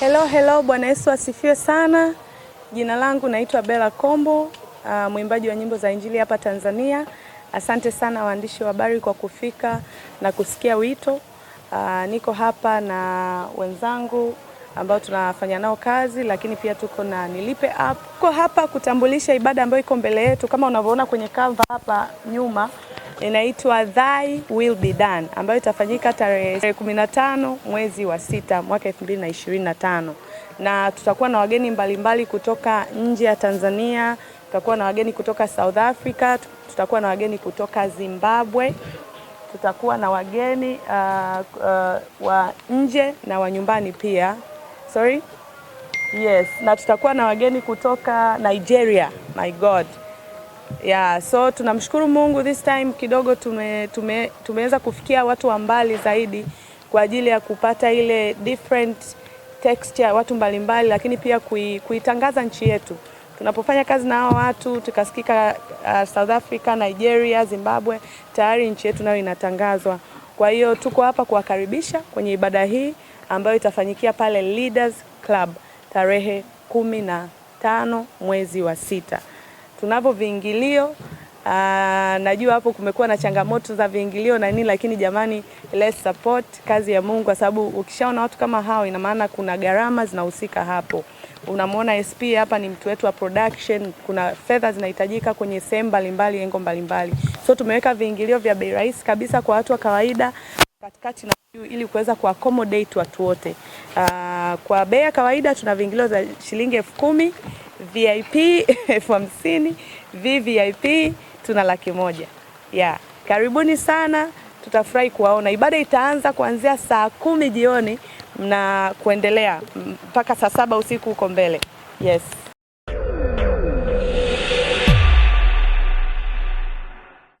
Hello, hello, Bwana Yesu asifiwe sana. Jina langu naitwa Bella Kombo, uh, mwimbaji wa nyimbo za injili hapa Tanzania. Asante sana waandishi wa habari kwa kufika na kusikia wito. Uh, niko hapa na wenzangu ambao tunafanya nao kazi, lakini pia tuko na Nilipe App. Tuko hapa kutambulisha ibada ambayo iko mbele yetu, kama unavyoona kwenye kava hapa nyuma inaitwa Thy Will Be Done ambayo itafanyika tarehe 15 mwezi wa sita mwaka 2025 na tutakuwa na wageni mbalimbali mbali kutoka nje ya Tanzania, tutakuwa na wageni kutoka South Africa, tutakuwa na wageni kutoka Zimbabwe, tutakuwa na wageni uh, uh, wa nje na wa nyumbani pia. Sorry. Yes, na tutakuwa na wageni kutoka Nigeria. My God yeah, so tunamshukuru Mungu this time kidogo tume, tume, tumeweza kufikia watu wa mbali zaidi kwa ajili ya kupata ile different texture watu mbalimbali, lakini pia kui, kuitangaza nchi yetu tunapofanya kazi na hao watu tukasikika uh, South Africa, Nigeria, Zimbabwe, tayari nchi yetu nayo inatangazwa. Kwa hiyo tuko hapa kuwakaribisha kwenye ibada hii ambayo itafanyikia pale Leaders Club tarehe kumi na tano mwezi wa sita tunavyo viingilio ah, najua hapo kumekuwa na changamoto za viingilio na nini, lakini jamani, let's support kazi ya Mungu, kwa sababu ukishaona watu kama hao, ina maana kuna gharama zinahusika hapo. Unamwona SP hapa ni mtu wetu wa production, kuna fedha zinahitajika kwenye sehemu mbalimbali, engo mbalimbali, so tumeweka viingilio vya bei rahisi kabisa kwa watu wa kawaida katikati na juu, ili kuweza ku accommodate watu wote. Uh, Kwa bei ya kawaida tuna viingilio za shilingi elfu kumi VIP elfu hamsini VVIP tuna laki moja yeah. Karibuni sana, tutafurahi kuwaona. Ibada itaanza kuanzia saa kumi jioni na kuendelea mpaka saa saba usiku huko mbele. Yes.